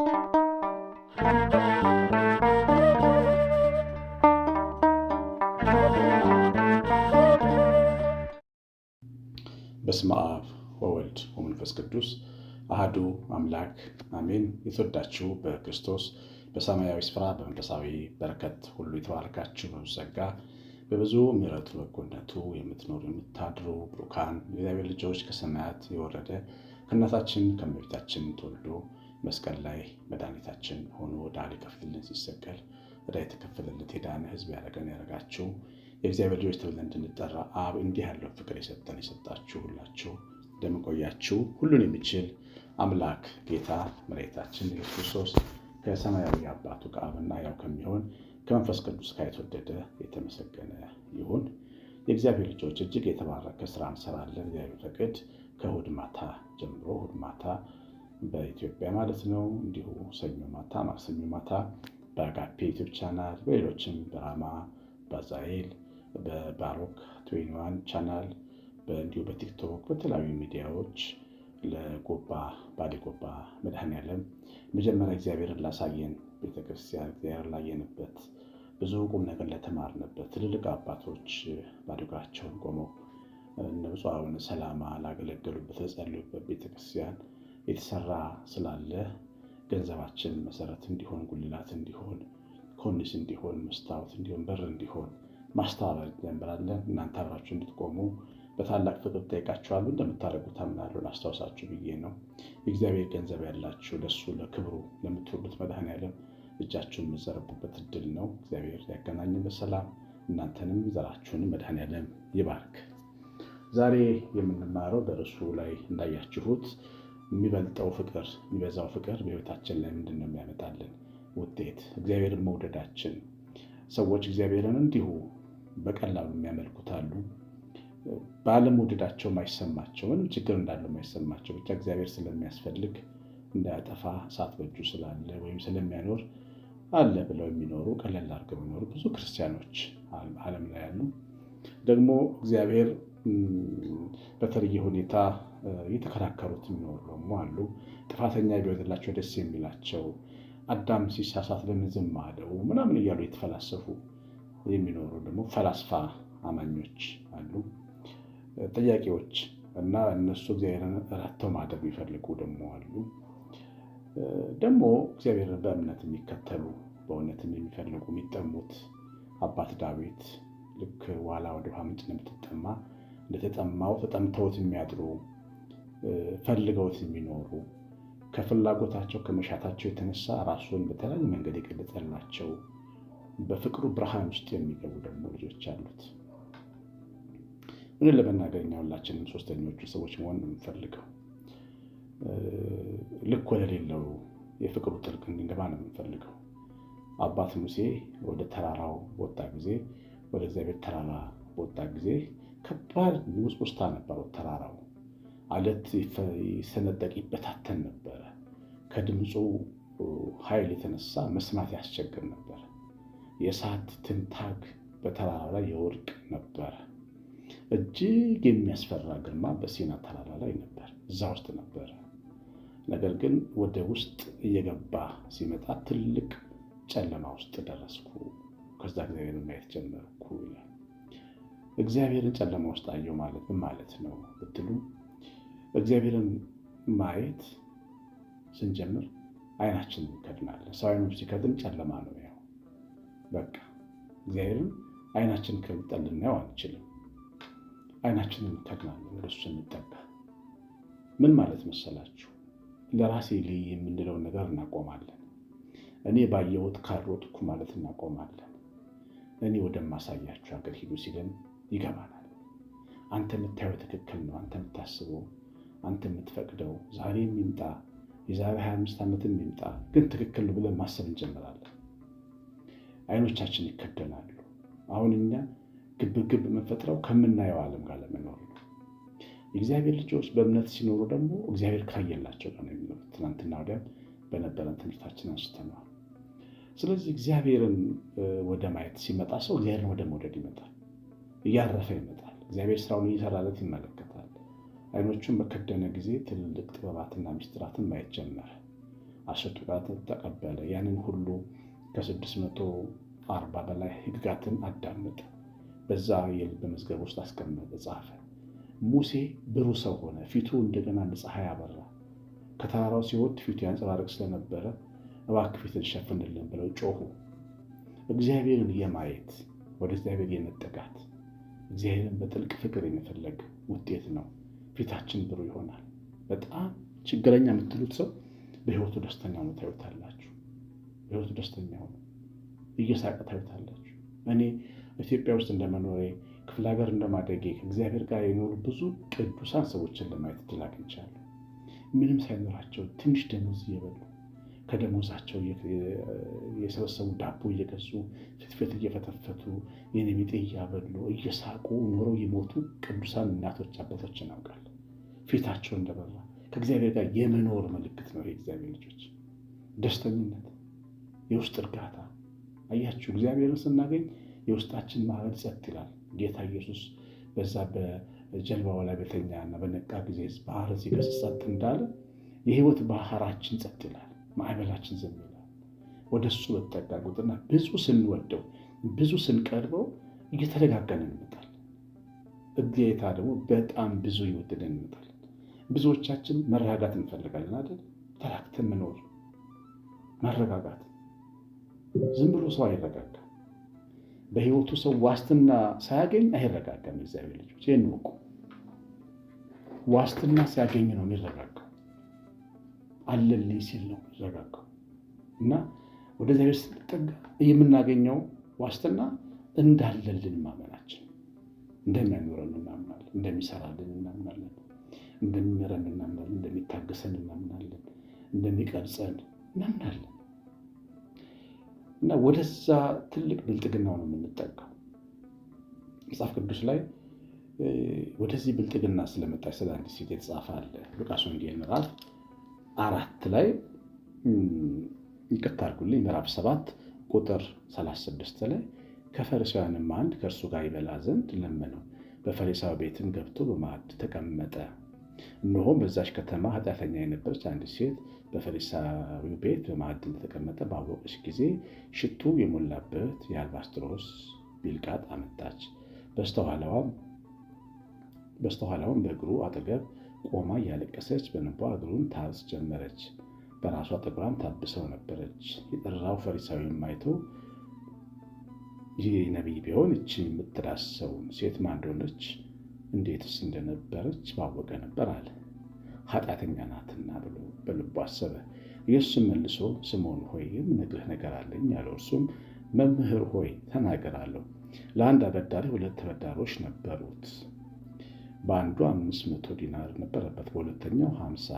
በስመ አብ ወወልድ ወመንፈስ ቅዱስ አህዱ አምላክ አሜን። የተወዳችሁ በክርስቶስ በሰማያዊ ስፍራ በመንፈሳዊ በረከት ሁሉ የተባረካችሁ በብዙ ጸጋ በብዙ ምሕረቱ በጎነቱ የምትኖሩ የምታድሩ ብሩካን እግዚአብሔር ልጆች ከሰማያት የወረደ ከእናታችን ከእመቤታችን ተወልዶ መስቀል ላይ መድኃኒታችን ሆኖ ዕዳ ሊከፍልልን ሲሰቀል ዕዳ የተከፈለለት የዳነ ሕዝብ ያደረገን ያደረጋችሁ የእግዚአብሔር ልጆች ተብለን እንድንጠራ አብ እንዲህ ያለው ፍቅር የሰጠን የሰጣችሁ ሁላችሁ እንደምንቆያችሁ ሁሉን የሚችል አምላክ ጌታ መሬታችን ኢየሱስ ክርስቶስ ከሰማያዊ አባቱ ከአብና ያው ከሚሆን ከመንፈስ ቅዱስ ጋር የተወደደ የተመሰገነ ይሁን። የእግዚአብሔር ልጆች እጅግ የተባረከ ስራ እንሰራለን። እግዚአብሔር ፈቅድ ከእሑድ ማታ ጀምሮ እሑድ ማታ በኢትዮጵያ ማለት ነው። እንዲሁ ሰኞ ማታ ማክሰኞ ማታ በአጋፔ ዩቲዩብ ቻናል፣ በሌሎችም በራማ በዛኤል በባሮክ ትዌንዋን ቻናል እንዲሁ በቲክቶክ በተለያዩ ሚዲያዎች ለጎባ ባሌ ጎባ መድኃኔዓለም መጀመሪያ እግዚአብሔርን ላሳየን ቤተክርስቲያን እግዚአብሔር ላየንበት ብዙ ቁም ነገር ለተማርንበት ትልልቅ አባቶች ባድጋቸውን ቆመው እነ ብፁዕ ሰላማ ላገለገሉበት ተጸልዩበት ቤተክርስቲያን የተሰራ ስላለ ገንዘባችን መሰረት እንዲሆን፣ ጉልላት እንዲሆን፣ ኮርኒስ እንዲሆን፣ መስታወት እንዲሆን፣ በር እንዲሆን ማስተባበር እንጀምራለን። እናንተ አብራችሁ እንድትቆሙ በታላቅ ፍቅር ጠይቃችኋሉ። እንደምታደርጉ ታምናለሁ። አስታውሳችሁ ብዬ ነው። የእግዚአብሔር ገንዘብ ያላችሁ ለሱ ለክብሩ ለምትወዱት መድኃኔዓለም እጃችሁን የምትዘረጉበት እድል ነው። እግዚአብሔር ያገናኘን በሰላም እናንተንም ዘራችሁንም መድኃኔዓለም ይባርክ። ዛሬ የምንማረው በርዕሱ ላይ እንዳያችሁት የሚበልጠው ፍቅር የሚበዛው ፍቅር በህይወታችን ላይ ምንድን ነው የሚያመጣልን ውጤት? እግዚአብሔርን መውደዳችን። ሰዎች እግዚአብሔርን እንዲሁ በቀላሉ የሚያመልኩት አሉ። ባለመውደዳቸው ማይሰማቸው ምንም ችግር እንዳለው ማይሰማቸው ብቻ እግዚአብሔር ስለሚያስፈልግ እንዳያጠፋ እሳት በእጁ ስላለ ወይም ስለሚያኖር አለ ብለው የሚኖሩ ቀለል አድርገው የሚኖሩ ብዙ ክርስቲያኖች ዓለም ላይ አሉ። ደግሞ እግዚአብሔር በተለየ ሁኔታ የተከራከሩት የሚኖሩ ደግሞ አሉ። ጥፋተኛ ቢወትላቸው ደስ የሚላቸው አዳም ሲሳሳት ለምን ዝም አለው ምናምን እያሉ የተፈላሰፉ የሚኖሩ ደግሞ ፈላስፋ አማኞች አሉ። ጥያቄዎች እና እነሱ እግዚአብሔርን ረተው ማደር የሚፈልጉ ደግሞ አሉ። ደግሞ እግዚአብሔርን በእምነት የሚከተሉ በእውነትም የሚፈልጉ የሚጠሙት አባት ዳዊት ልክ ዋላ ወደ ውሃ ምንጭ እንደምትጠማ እንደተጠማው ተጠምተውት የሚያድሩ ፈልገውት የሚኖሩ ከፍላጎታቸው ከመሻታቸው የተነሳ ራሱን በተለያዩ መንገድ የገለጸላቸው በፍቅሩ ብርሃን ውስጥ የሚገቡ ደግሞ ልጆች አሉት። ምን ለመናገር እኛ ሁላችንም ሶስተኞቹ ሰዎች መሆን ነው የምንፈልገው። ልክ ወደሌለው የፍቅሩ ጥልቅ እንድንገባ ነው የምንፈልገው። አባት ሙሴ ወደ ተራራው በወጣ ጊዜ ወደ እግዚአብሔር ተራራ በወጣ ጊዜ ከባድ ውስጥ ውስታ ነበረው ተራራው አለት ይሰነጠቅ ይበታተን ነበረ። ከድምፁ ኃይል የተነሳ መስማት ያስቸግር ነበር የእሳት ትንታግ በተራራ ላይ የወርቅ ነበረ። እጅግ የሚያስፈራ ግርማ በሲና ተራራ ላይ ነበር፣ እዛ ውስጥ ነበረ። ነገር ግን ወደ ውስጥ እየገባ ሲመጣ ትልቅ ጨለማ ውስጥ ደረስኩ። ከዛ እግዚአብሔርን ማየት ጀመርኩ። እግዚአብሔርን ጨለማ ውስጥ አየው ማለት ምን ማለት ነው ብትሉም እግዚአብሔርን ማየት ስንጀምር አይናችን ከድናለ። ሰው አይኑ ሲከድን ጨለማ ነው። ያው በቃ እግዚአብሔርን አይናችን ከብጠን ልናየው አንችልም። አይናችንን እንከድናለን። ወደሱ ስንጠጋ ምን ማለት መሰላችሁ? ለራሴ ልይ የምንለውን ነገር እናቆማለን። እኔ ባየሁት ካልሮጥኩ ማለት እናቆማለን። እኔ ወደማሳያችሁ ሀገር ሂዱ ሲለን ይገባናል። አንተ የምታየው ትክክል ነው፣ አንተ የምታስበው አንተ የምትፈቅደው ዛሬ የሚምጣ የዛሬ 25 ዓመት የሚምጣ ግን ትክክል ብለን ማሰብ እንጀምራለን። አይኖቻችን ይከደናሉ። አሁን እኛ ግብግብ የምንፈጥረው ከምናየው ዓለም ጋር ለመኖር ነው። የእግዚአብሔር ልጆች በእምነት ሲኖሩ ደግሞ እግዚአብሔር ካየላቸው ጋር ነው የሚኖሩ። ትናንትና ወዲያም በነበረን ትምህርታችን አንስተነዋል። ስለዚህ እግዚአብሔርን ወደ ማየት ሲመጣ ሰው እግዚአብሔርን ወደ መውደድ ይመጣል፣ እያረፈ ይመጣል። እግዚአብሔር ስራውን እየሰራለት ይመለካል። አይኖቹን በከደነ ጊዜ ትልልቅ ጥበባትና ምስጢራትን ማየት ጀመረ። አሸቱጋትን ተቀበለ። ያንን ሁሉ ከ640 በላይ ህግጋትን አዳመጠ። በዛ የልብ መዝገብ ውስጥ አስቀመጠ፣ ጻፈ። ሙሴ ብሩ ሰው ሆነ። ፊቱ እንደገና ለፀሐይ አበራ። ከተራራው ሲወድ ፊቱ ያንጸባርቅ ስለነበረ እባክ ፊትን ሸፍንልን ብለው ጮሁ። እግዚአብሔርን የማየት ወደ እግዚአብሔር የመጠጋት እግዚአብሔርን በጥልቅ ፍቅር የመፈለግ ውጤት ነው። ፊታችን ብሩ ይሆናል። በጣም ችግረኛ የምትሉት ሰው በህይወቱ ደስተኛ ሆኖ ታዩታላችሁ። በህይወቱ ደስተኛ ሆኖ እየሳቀ ታዩታላችሁ። እኔ ኢትዮጵያ ውስጥ እንደመኖሬ ክፍለ ሀገር እንደማደጌ ከእግዚአብሔር ጋር የኖሩ ብዙ ቅዱሳን ሰዎችን ለማየት እድል አግኝቻለሁ። ምንም ሳይኖራቸው ትንሽ ደሞዝ እየበሉ ከደሞዛቸው የሰበሰቡ ዳቦ እየገዙ ፊትፊት እየፈተፈቱ የኔ ቢጤ እያበሉ እየሳቁ ኖረው የሞቱ ቅዱሳን እናቶች አባቶች እናውቃለን። ፊታቸው እንደበራ ከእግዚአብሔር ጋር የመኖር ምልክት ነው። የእግዚአብሔር ልጆች ደስተኝነት፣ የውስጥ እርጋታ። አያችሁ እግዚአብሔርን ስናገኝ የውስጣችን ማዕበል ጸጥ ይላል። ጌታ ኢየሱስ በዛ በጀልባው ላይ እና በነቃ ጊዜ ባህር ሲገስ ጸጥ እንዳለ የህይወት ባህራችን ጸጥ ይላል። ማዕበላችን ዝም ይላል። ወደ እሱ በተጠጋ ቁጥርና ብዙ ስንወደው ብዙ ስንቀርበው እየተደጋገነ እንመጣለን። እግዜታ ደግሞ በጣም ብዙ ይወደደን እንመጣለን። ብዙዎቻችን መረጋጋት እንፈልጋለን አይደል? ተራክተን መኖር መረጋጋት። ዝም ብሎ ሰው አይረጋጋ። በህይወቱ ሰው ዋስትና ሳያገኝ አይረጋጋም። እግዚአብሔር ልጆች ይህን ወቁ። ዋስትና ሲያገኝ ነው የሚረጋጋው። አለልኝ ሲል ነው ዘጋጋው እና ወደ እግዚአብሔር ስንጠጋ የምናገኘው ዋስትና እንዳለልን ማመናችን እንደሚያኖረን እናምናለን፣ እንደሚሰራልን እናምናለን፣ እንደሚመረን እናምናለን፣ እንደሚታገሰን እናምናለን፣ እንደሚቀርጸን እናምናለን እና ወደዛ ትልቅ ብልጥግናው ነው የምንጠጋው። መጽሐፍ ቅዱስ ላይ ወደዚህ ብልጥግና ስለመጣች ስለ አንዲት ሴት የተጻፈ አለ ሉቃስ ወንጌል ምዕራፍ አራት ላይ ይቅርታ አድርጉልኝ፣ ምዕራፍ ሰባት ቁጥር 36 ላይ ከፈሪሳውያንም አንድ ከእርሱ ጋር ይበላ ዘንድ ለመነው። በፈሪሳዊ ቤትም ገብቶ በማዕድ ተቀመጠ። እነሆም በዛች ከተማ ኃጢአተኛ የነበረች አንድ ሴት በፈሪሳዊ ቤት በማዕድ እንደተቀመጠ ባወቀች ጊዜ ሽቱ የሞላበት የአልባስጥሮስ ቢልቃጥ አመጣች። በስተኋላውም በእግሩ አጠገብ ቆማ እያለቀሰች በንቧ እግሩን ታዝ ጀመረች። በራሷ ጠጉራም ታብሰው ነበረች። የጠራው ፈሪሳዊ የማይተው ይህ ነቢይ ቢሆን እች የምትዳስሰው ሴት ማን እንደሆነች እንዴትስ እንደነበረች ባወቀ ነበር አለ። ኃጢአተኛ ናትና ብሎ በልቡ አሰበ። ኢየሱስም መልሶ ስምዖን ሆይ የምነግርህ ነገር አለኝ አለው። እርሱም መምህር ሆይ ተናገር አለው። ለአንድ አበዳሪ ሁለት ተበዳሮች ነበሩት። በአንዱ አምስት መቶ ዲናር ነበረበት፣ በሁለተኛው ሀምሳ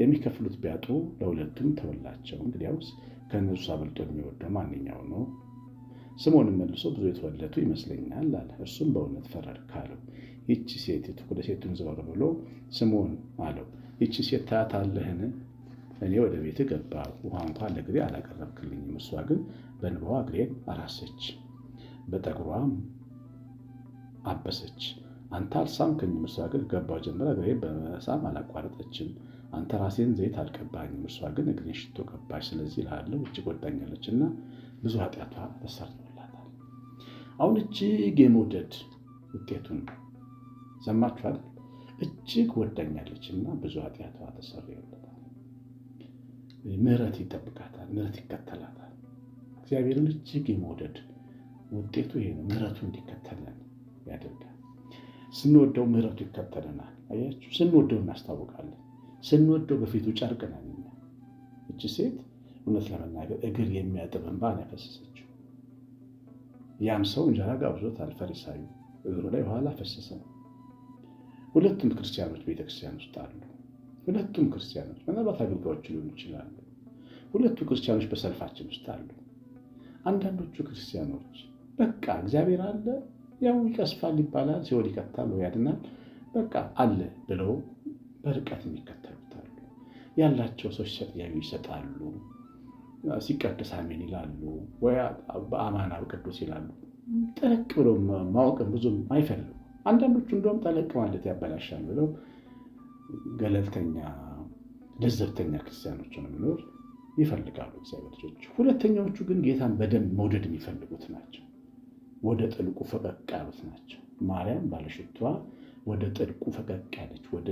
የሚከፍሉት ቢያጡ ለሁለቱም ተወላቸው። እንግዲያውስ ከነሱ አብልጦ የሚወደው ማንኛው ነው? ስምዖንም መልሶ ብዙ የተወለቱ ይመስለኛል አለ። እርሱም በእውነት ፈረድክ አለው። ይቺ ሴት ወደ ሴቱን ዘወር ብሎ ስምዖን አለው፣ ይቺ ሴት ታያታለህን? እኔ ወደ ቤት ገባ ውሃ እንኳን ለእግሬ አላቀረብክልኝም። እሷ ግን በእንባዋ እግሬን አራሰች፣ በጠጉሯም አበሰች። አንተ አልሳምከኝም፣ እርሷ ግን ገባው ጀምረ እግሬን በመሳም አላቋረጠችም። አንተ ራሴን ዘይት አልቀባኝም፣ እርሷ ግን እግሬን ሽቶ ቀባች። ስለዚህ እልሃለሁ እጅግ ወዳኛለች እና ብዙ ኃጢአቷ ተሰርቶላታል። አሁን እጅግ የመውደድ ውጤቱን ሰማችኋል። እጅግ ወዳኛለች እና ብዙ ኃጢአቷ ተሰርቶላታል። ምሕረት ይጠብቃታል፣ ምሕረት ይከተላታል። እግዚአብሔርን እጅግ የመውደድ ውጤቱ ይሄ ነው። ምሕረቱ እንዲከተለን ያደርጋል። ስንወደው ምሕረቱ ይከተለናል። አያችሁ፣ ስንወደው እናስታውቃለን። ስንወደው በፊቱ ጨርቅ ነን። እቺ ሴት እውነት ለመናገር እግር የሚያጥብ እንባ ነው ያፈሰሰችው። ያም ሰው እንጀራ ጋብዞታል። ፈሪሳዩ እግሩ ላይ በኋላ አፈሰሰ። ሁለቱም ክርስቲያኖች ቤተክርስቲያን ውስጥ አሉ። ሁለቱም ክርስቲያኖች ምናልባት አገልጋዮች ሊሆኑ ይችላሉ። ሁለቱ ክርስቲያኖች በሰልፋችን ውስጥ አሉ። አንዳንዶቹ ክርስቲያኖች በቃ እግዚአብሔር አለ ያው ይቀስፋል ይባላል፣ ሲወድ ይከታል ወይ ያድናል፣ በቃ አለ ብለው በርቀት የሚከተሉታሉ። ያላቸው ሰዎች ሰጥያዊ ይሰጣሉ፣ ሲቀድስ አሜን ይላሉ፣ ወይ በአማን ቅዱስ ይላሉ። ጠለቅ ብሎ ማወቅን ብዙም አይፈልጉ። አንዳንዶቹ እንደውም ጠለቅ ማለት ያበላሻል ብለው ገለልተኛ ለዘብተኛ ክርስቲያኖች ነው መኖር ይፈልጋሉ። እግዚአብሔር ልጆች። ሁለተኛዎቹ ግን ጌታን በደንብ መውደድ የሚፈልጉት ናቸው። ወደ ጥልቁ ፈቀቅ ያሉት ናቸው። ማርያም ባለሽቷ ወደ ጥልቁ ፈቀቅ ያለች፣ ወደ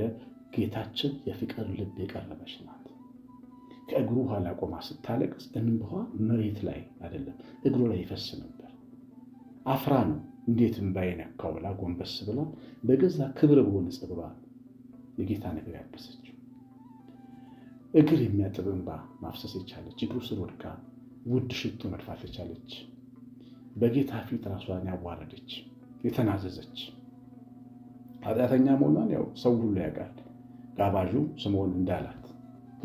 ጌታችን የፍቅር ልብ የቀረበች ናት። ከእግሩ ኋላ ቆማ ስታለቅስ እንባዋ መሬት ላይ አይደለም እግሩ ላይ ይፈስ ነበር። አፍራ ነው እንዴት እምባዬን ያካው ብላ ጎንበስ ብላ በገዛ ክብር በሆነ ጸጉሯ የጌታ እግር ያበሰችው እግር የሚያጥብ እንባ ማፍሰስ የቻለች እግሩ ስር ወድቃ ውድ ሽቶ መድፋት የቻለች በጌታ ፊት ራሷን ያዋረደች የተናዘዘች ኃጢአተኛ መሆኗን ያው ሰው ሁሉ ያውቃል። ጋባዡ ስምዖን እንዳላት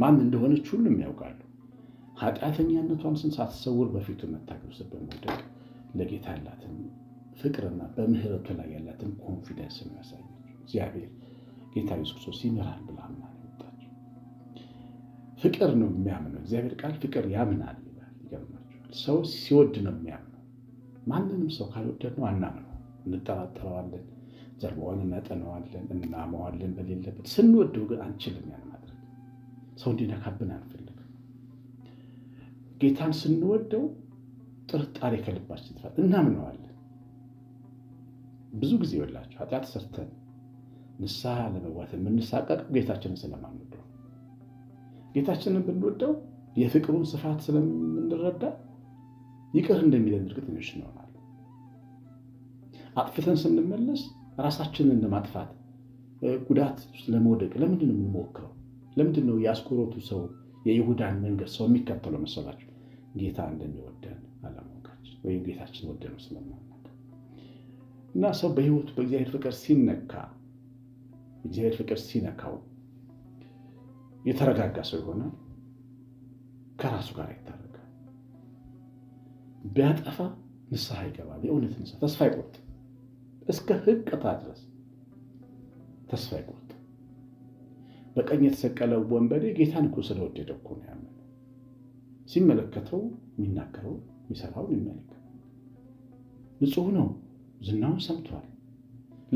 ማን እንደሆነች ሁሉም ያውቃሉ። ኃጢአተኛነቷን ስን ሳትሰውር በፊቱ መታገስ በመውደቅ ለጌታ ያላትን ፍቅርና በምህረቱ ላይ ያላትን ኮንፊደንስ የሚያሳየች እግዚአብሔር ጌታ ኢየሱስ ክርስቶስ ይምራል ብላ አምና ፍቅር ነው የሚያምነው። እግዚአብሔር ቃል ፍቅር ያምናል ይላል። ይገርማቸዋል። ሰው ሲወድ ነው የሚያምነው ማንንም ሰው ካልወደድነው አናምነው፣ እንጠራጠረዋለን፣ ጀርባውን እናጠነዋለን፣ እናመዋለን በሌለበት። ስንወደው ግን አንችልም ያን ማድረግ። ሰው እንዲነካብን አንፈልግም። ጌታን ስንወደው ጥርጣሬ ከልባችን ትፋል፣ እናምነዋለን። ብዙ ጊዜ ይወላቸው ኃጢአት ሰርተን ንስሐ ለመግባት የምንሳቀቀው ጌታችንን ስለማንወደው። ጌታችንን ብንወደው የፍቅሩን ስፋት ስለምንረዳ ይቅር እንደሚለን እርግጠኞች እንሆናል። አጥፍተን ስንመለስ ራሳችንን ለማጥፋት ጉዳት ውስጥ ለመውደቅ ለምንድን ነው የምንሞክረው? ለምንድን ነው የአስቆሮቱ ሰው የይሁዳን መንገድ ሰው የሚከተለው መሰላቸው? ጌታ እንደሚወደን አለማወቃችን ወይም ጌታችን ወደነው ስለማናውቅ እና ሰው በህይወቱ በእግዚአብሔር ፍቅር ሲነካ እግዚአብሔር ፍቅር ሲነካው የተረጋጋ ሰው ይሆናል። ከራሱ ጋር አይታረም። ቢያጠፋ ንስሐ ይገባል። የእውነት ንስሐ ተስፋ ይቆርጥ እስከ ህቅታ ድረስ ተስፋ ይቆርጥ። በቀኝ የተሰቀለው ወንበዴ ጌታን እኮ ስለወደደ እኮ ነው ያመነ። ሲመለከተው የሚናገረው የሚሰራውን ይመለከት። ንጹሕ ነው። ዝናውን ሰምቷል።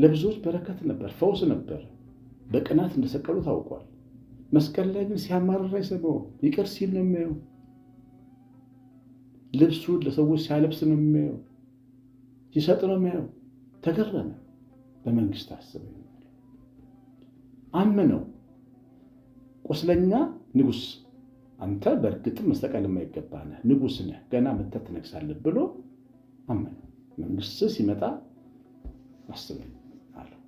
ለብዙዎች በረከት ነበር፣ ፈውስ ነበር። በቅናት እንደሰቀሉ ታውቋል። መስቀል ላይ ግን ሲያማርር አይሰማውም። ይቅር ሲል ነው የሚያየው። ልብሱን ለሰዎች ሲያለብስ ነው የሚያየው፣ ሲሰጥ ነው የሚያየው። ተገረመ። በመንግስት አስበ አምነው ቁስለኛ ንጉስ፣ አንተ በእርግጥም መስተቀል የማይገባ ነህ፣ ንጉስ ነህ፣ ገና መተት ትነግሳለህ ብሎ አመነው። መንግስት ሲመጣ አስበኝ አለው።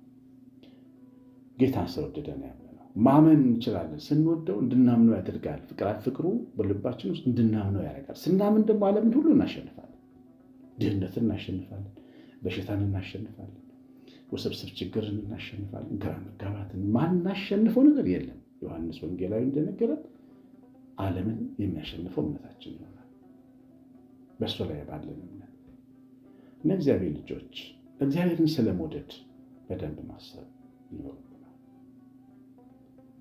ጌታን ስለወደደ ነው ማመን እንችላለን። ስንወደው እንድናምነው ያደርጋል። ፍቅራት ፍቅሩ በልባችን ውስጥ እንድናምነው ያደርጋል። ስናምን ደግሞ ዓለምን ሁሉ እናሸንፋለን። ድህነትን እናሸንፋለን። በሽታን እናሸንፋለን። ውስብስብ ችግርን እናሸንፋለን። ግራ መጋባትን ማናሸንፈው ነገር የለም። ዮሐንስ ወንጌላዊ እንደነገረን ዓለምን የሚያሸንፈው እምነታችን ይሆናል፣ በእሱ ላይ ባለን እምነት እና እግዚአብሔር ልጆች እግዚአብሔርን ስለመውደድ በደንብ ማሰብ ይኖሩ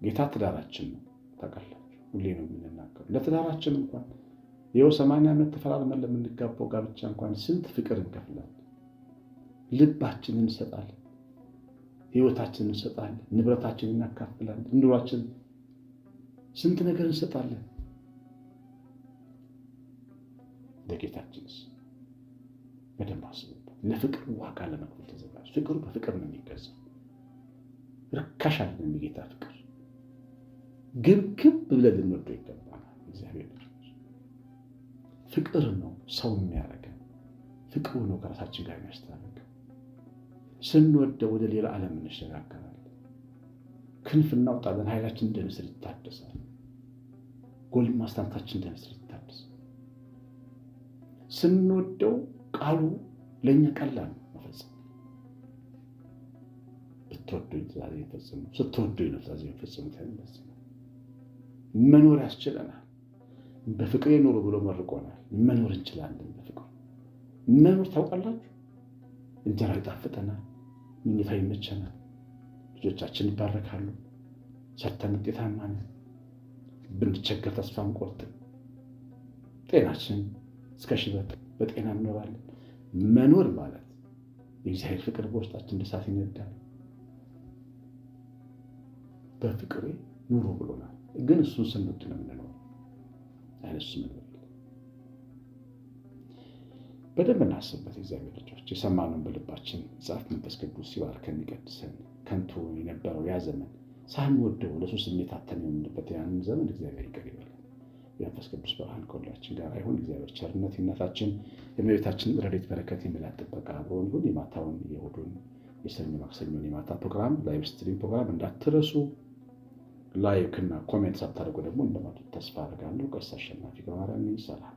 ጌታ ትዳራችን ነው። ታውቃላችሁ፣ ሁሌ ነው የምንናገሩ። ለትዳራችን እንኳን ይኸው ሰማንያ ዓመት ተፈራርመን ለምንጋባው ጋብቻ እንኳን ስንት ፍቅር እንከፍላለን፣ ልባችንን እንሰጣለን፣ ህይወታችንን እንሰጣለን፣ ንብረታችንን እናካፍላለን፣ ኑሯችን ስንት ነገር እንሰጣለን። ለጌታችንስ በደንብ አስቡበት። ለፍቅር ዋጋ ለመክፈል ተዘጋጅ። ፍቅሩ በፍቅር ነው የሚገዛ። ርካሽ አይደለም የጌታ ፍቅር ግብግብ ብለን ልንወደው ይገባናል። እግዚአብሔር ፍቅር ነው ሰው የሚያደርገን ፍቅሩ ነው ከራሳችን ጋር የሚያስታርቀን። ስንወደው ወደ ሌላ ዓለም እንሸጋገራለን። ክንፍ እናውጣለን። ኃይላችን እንደ ንስር ይታደሳል። ጎልማስታነታችን እንደ ንስር ይታደሳል። ስንወደው ቃሉ ለእኛ ቀላል ነው መፈጸም። ብትወዱ ትእዛዜን ፈጽሙ፣ ስትወዱ ነው ትእዛዜን ፈጽሙ። መኖር ያስችለናል። በፍቅሬ ኑሩ ብሎ መርቆናል። መኖር እንችላለን በፍቅሩ መኖር ታውቃላችሁ። እንጀራ ይጣፍጠናል፣ ምኝታ ይመቸናል፣ ልጆቻችን ይባረካሉ፣ ሰርተን ውጤታማ ነን። ብንቸገር ተስፋ አንቆርጥም። ጤናችን እስከ ሽበት በጤና እንኖራለን። መኖር ማለት የእግዚአብሔር ፍቅር በውስጣችን እንደ እሳት ይነዳል። በፍቅሬ ኑሮ ብሎናል። ግን እሱን ስንብት ነው የምንለው። አይነሱ በደንብ እናስብበት። እግዚአብሔር ልጆች የሰማነውን በልባችን ጻፍ። መንፈስ ቅዱስ ሲባርከን ከሚቀድሰን ከንቱ የነበረው ያ ዘመን ሳንወደው ለሱ ስሜት አተን የምንበት ያንን ዘመን እግዚአብሔር ይቅር ይበል የመንፈስ ቅዱስ ብርሃን ከሁላችን ጋር ይሁን። እግዚአብሔር ቸርነት ይነታችን የመቤታችን ረዴት በረከት የሚላ ጥበቃ አብሮን ይሁን። የማታውን የእሑዱን የሰኞ ማክሰኞን የማታ ፕሮግራም ላይቭ ስትሪም ፕሮግራም እንዳትረሱ። ላይክ እና ኮሜንት ሳታደርጉ ደግሞ እንደማድረግ ተስፋ አድርጋለሁ። ቀሲስ አሸናፊ ገብረማርያም ነኝ። ሰላም